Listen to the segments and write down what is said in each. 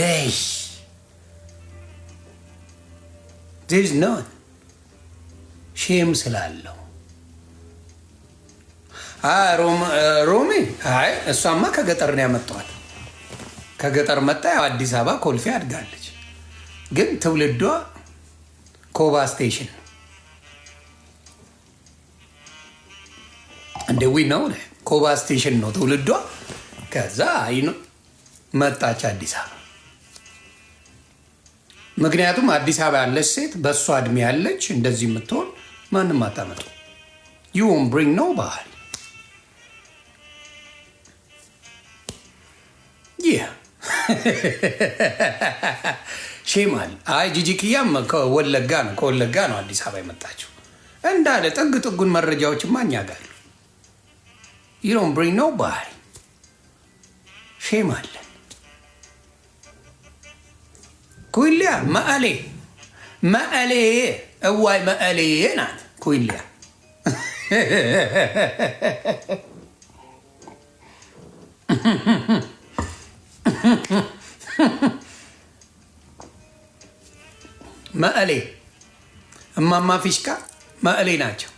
Hey, there's none ሼም ስላለው ሮሜ አይ እሷማ ከገጠር ነው ያመጣዋል። ከገጠር መጣ። ያው አዲስ አበባ ኮልፌ አድጋለች፣ ግን ትውልዷ ኮባ ስቴሽን እንደዊ ነው። ኮባ ስቴሽን ነው ትውልዷ። ከዛ መጣች አዲስ አበባ። ምክንያቱም አዲስ አበባ ያለች ሴት በእሷ እድሜ ያለች እንደዚህ የምትሆን ማንም አታመጡ። ዩን ብሪንግ ነው ባህል ይህ ሼማል አይ ጂጂክያም ከወለጋ ነው ከወለጋ ነው አዲስ አበባ የመጣችው እንዳለ ጥግ ጥጉን መረጃዎች ማኛጋሉ ይሮን ብሪንግ ነው ባህል ሼማል ኩልያ መቀሌ መቀሌ እዋይ መቀሌ ናት ኩልያ። መቀሌ እማማ ፊሽካ መቀሌ ናቸው።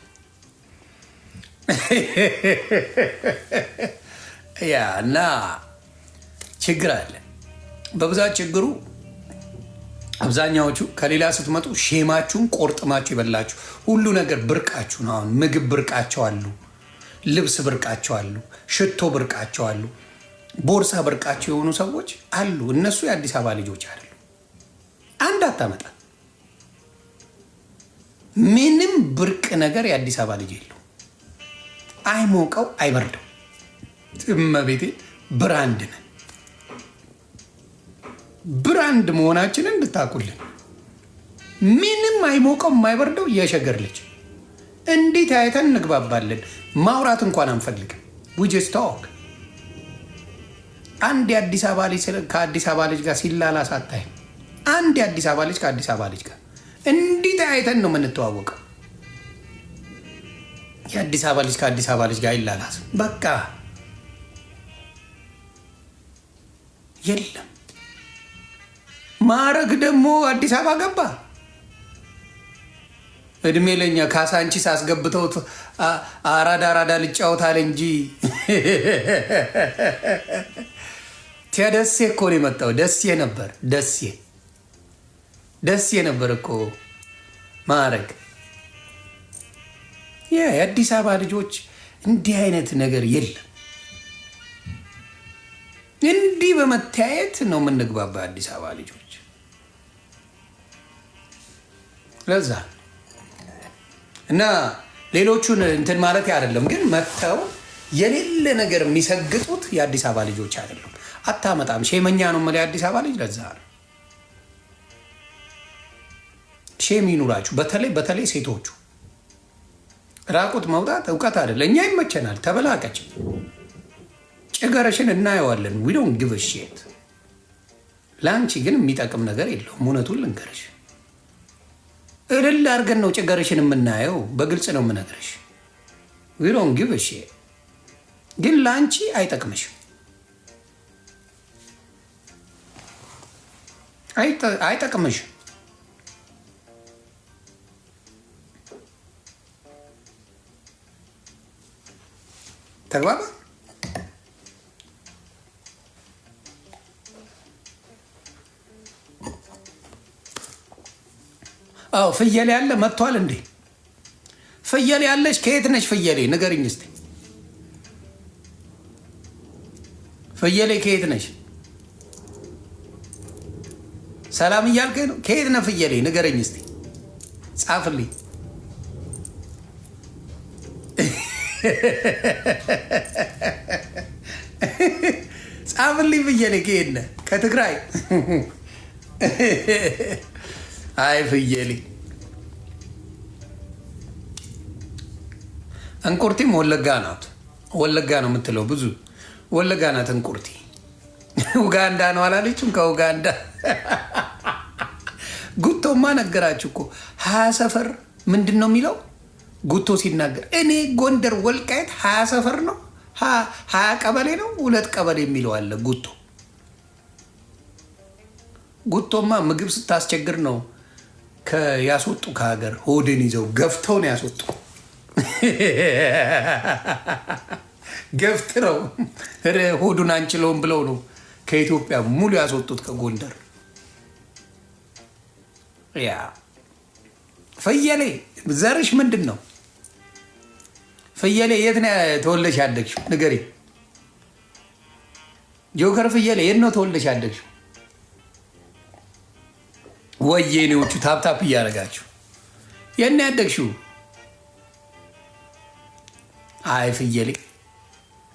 ያ እና ችግር አለ በብዛት ችግሩ አብዛኛዎቹ ከሌላ ስትመጡ ሼማችሁን ቆርጥማችሁ ይበላችሁ። ሁሉ ነገር ብርቃችሁ ነው። አሁን ምግብ ብርቃቸው አሉ፣ ልብስ ብርቃቸው አሉ፣ ሽቶ ብርቃቸው አሉ፣ ቦርሳ ብርቃቸው የሆኑ ሰዎች አሉ። እነሱ የአዲስ አበባ ልጆች አይደሉ። አንድ አታመጣ ምንም ብርቅ ነገር የአዲስ አበባ ልጅ የለው። አይሞቀው አይበርደው። እመቤቴ ብራንድ ነን። ብራንድ መሆናችንን እንድታቁልን። ምንም አይሞቀው የማይበርደው የሸገር ልጅ እንዴት አይተን እንግባባለን? ማውራት እንኳን አንፈልግም። ውጅስ ታወቅ አንድ የአዲስ አበባ ልጅ ከአዲስ አበባ ልጅ ጋር ሲላላስ ሳታይ አንድ የአዲስ አበባ ልጅ ከአዲስ አበባ ልጅ ጋር እንዴት አይተን ነው የምንተዋወቀው? የአዲስ አበባ ልጅ ከአዲስ አበባ ልጅ ጋር ይላላስ በቃ የለም። ማረግ ደግሞ አዲስ አበባ ገባ። እድሜ ለኛ ካሳንቺስ አስገብተውት አራዳ አራዳ ልጫወታል እንጂ ቲያ ደሴ እኮ ነው የመጣው። ደሴ ነበር ደሴ ደሴ ነበር እኮ ማዕረግ። የአዲስ አበባ ልጆች እንዲህ አይነት ነገር የለም። እንዲህ በመተያየት ነው የምንግባባ አዲስ አበባ ልጆች። ለዛ እና ሌሎቹን እንትን ማለት አይደለም፣ ግን መጥተው የሌለ ነገር የሚሰግጡት የአዲስ አበባ ልጆች አይደሉም። አታመጣም። ሼመኛ ነው የምልህ የአዲስ አበባ ልጅ። ለዛ ነው ሼም ይኑራችሁ። በተለይ በተለይ ሴቶቹ ራቁት መውጣት እውቀት አይደለ። እኛ ይመቸናል። ተበላቀች ጭገረሽን እናየዋለን። ዊ ዶንት ጊቭ አ ለአንቺ ግን የሚጠቅም ነገር የለውም። እውነቱን ልንገርሽ፣ እልል አድርገን ነው ጭገረሽን የምናየው። በግልጽ ነው የምነግርሽ። ዊ ዶንት ጊቭ ግን ለአንቺ አይጠቅምሽም። አይጠቅምሽም። ተግባባ አዎ ፍየል ያለ መጥቷል እንዴ? ፍየል ያለች ከየት ነች? ፍየሌ ንገርኝ እስቲ። ፍየሌ ከየት ነች? ሰላም እያልከኝ ነው። ከየት ነህ ፍየሌ? ንገረኝ እስቲ ጻፍልኝ። ጻፍልኝ ፍየሌ ከየት ነህ? ከትግራይ አይ ፍየሌ እንቁርቲም ወለጋ ናት። ወለጋ ነው የምትለው ብዙ ወለጋ ናት እንቁርቲ። ኡጋንዳ ነው አላለችም። ከኡጋንዳ ጉቶማ ነገራችሁ እኮ ሀያ ሰፈር ምንድን ነው የሚለው ጉቶ ሲናገር እኔ ጎንደር ወልቃየት ሀያ ሰፈር ነው ሀያ ቀበሌ ነው ሁለት ቀበሌ የሚለው አለ። ጉቶ ጉቶማ ምግብ ስታስቸግር ነው ያስወጡ ከሀገር ሆድን ይዘው ገፍተው ነው ያስወጡ። ገፍት ነው ሆዱን አንችለውም ብለው ነው ከኢትዮጵያ ሙሉ ያስወጡት ከጎንደር። ያ ፍየሌ ዘርሽ ምንድን ነው? ፍየሌ የት ነው ተወልደሽ ያደግሽው? ንገሪ ጆከር። ፍየሌ የት ነው ተወልደሽ ያደግሽው? ወየኔዎቹ ታፕታፕ እያደረጋችሁ የኔ ያደግሽው አይ ፍየሌ፣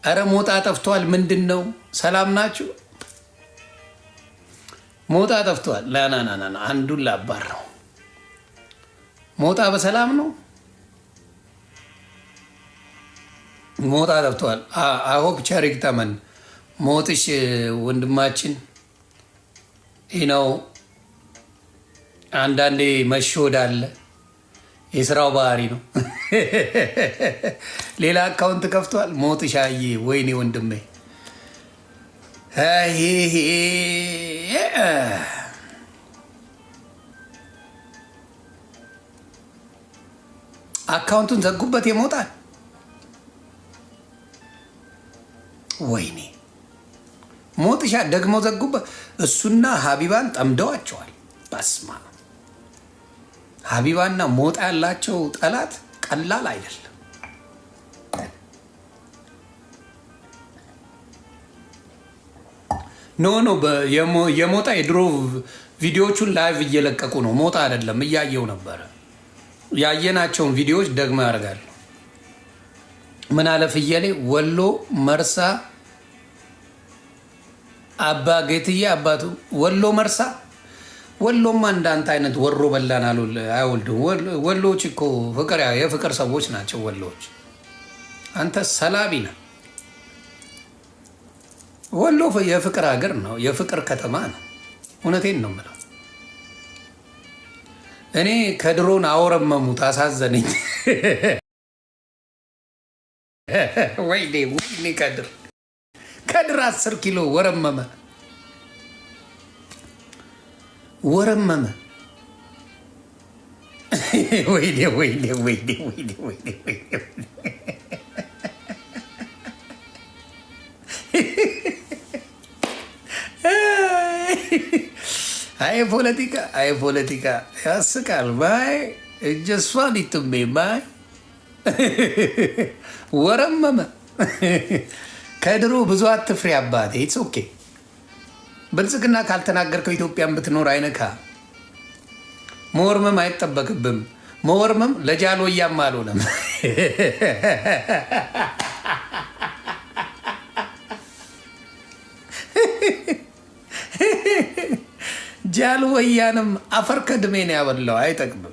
ኧረ ሞጣ ጠፍቷል። ምንድን ነው ሰላም ናችሁ? ሞጣ ጠፍቷል። ላናናና አንዱን ላባር ነው። ሞጣ በሰላም ነው። ሞጣ ጠፍቷል። አሆፕ ቸሪክ ተመን ሞጥሽ ወንድማችን ይህ ነው። አንዳንዴ መሾድ አለ። የስራው ባህሪ ነው። ሌላ አካውንት ከፍቷል። ሞት ሻዬ፣ ወይኔ ወንድሜ አካውንቱን ዘጉበት። የሞጣል ወይኔ ሞጥሻ ደግሞ ዘጉበት። እሱና ሀቢባን ጠምደዋቸዋል። በስማ ሀቢባና ሞጣ ያላቸው ጠላት ቀላል አይደለም። ኖ ኖ የሞጣ የድሮ ቪዲዮዎቹን ላይቭ እየለቀቁ ነው። ሞጣ አይደለም እያየው ነበረ። ያየናቸውን ቪዲዮዎች ደግሞ ያደርጋሉ። ምን አለ ፍየሌ፣ ወሎ መርሳ፣ አባ ጌትዬ አባቱ ወሎ መርሳ ወሎማ እንዳንተ አይነት ወሮ በላን አይወልድም። ወሎች እኮ ፍቅር የፍቅር ሰዎች ናቸው ወሎች አንተ ሰላቢ ነ ወሎ የፍቅር ሀገር ነው፣ የፍቅር ከተማ ነው። እውነቴን ነው የምለው። እኔ ከድሮን አወረመሙት፣ አሳዘነኝ። ወይኔ ወይኔ፣ ከድር ከድር አስር ኪሎ ወረመመ። ወረመመ። ወይኔ ወይኔ ወይኔ ወይኔ ወይኔ ወይኔ አይ ፖለቲካ አይ ፖለቲካ ያስቃል። ማይ እጀሷን ይትሜ ማይ ወረመመ። ከድሮ ብዙ አትፍሪ አባቴ ኦኬ ብልጽግና ካልተናገርከው ኢትዮጵያን ብትኖር አይነካ። መወርመም አይጠበቅብም። መወርመም ለጃሎ እያም አልሆነም። ጃል ወያንም አፈር ከድሜ ነው ያበላው። አይጠቅምም።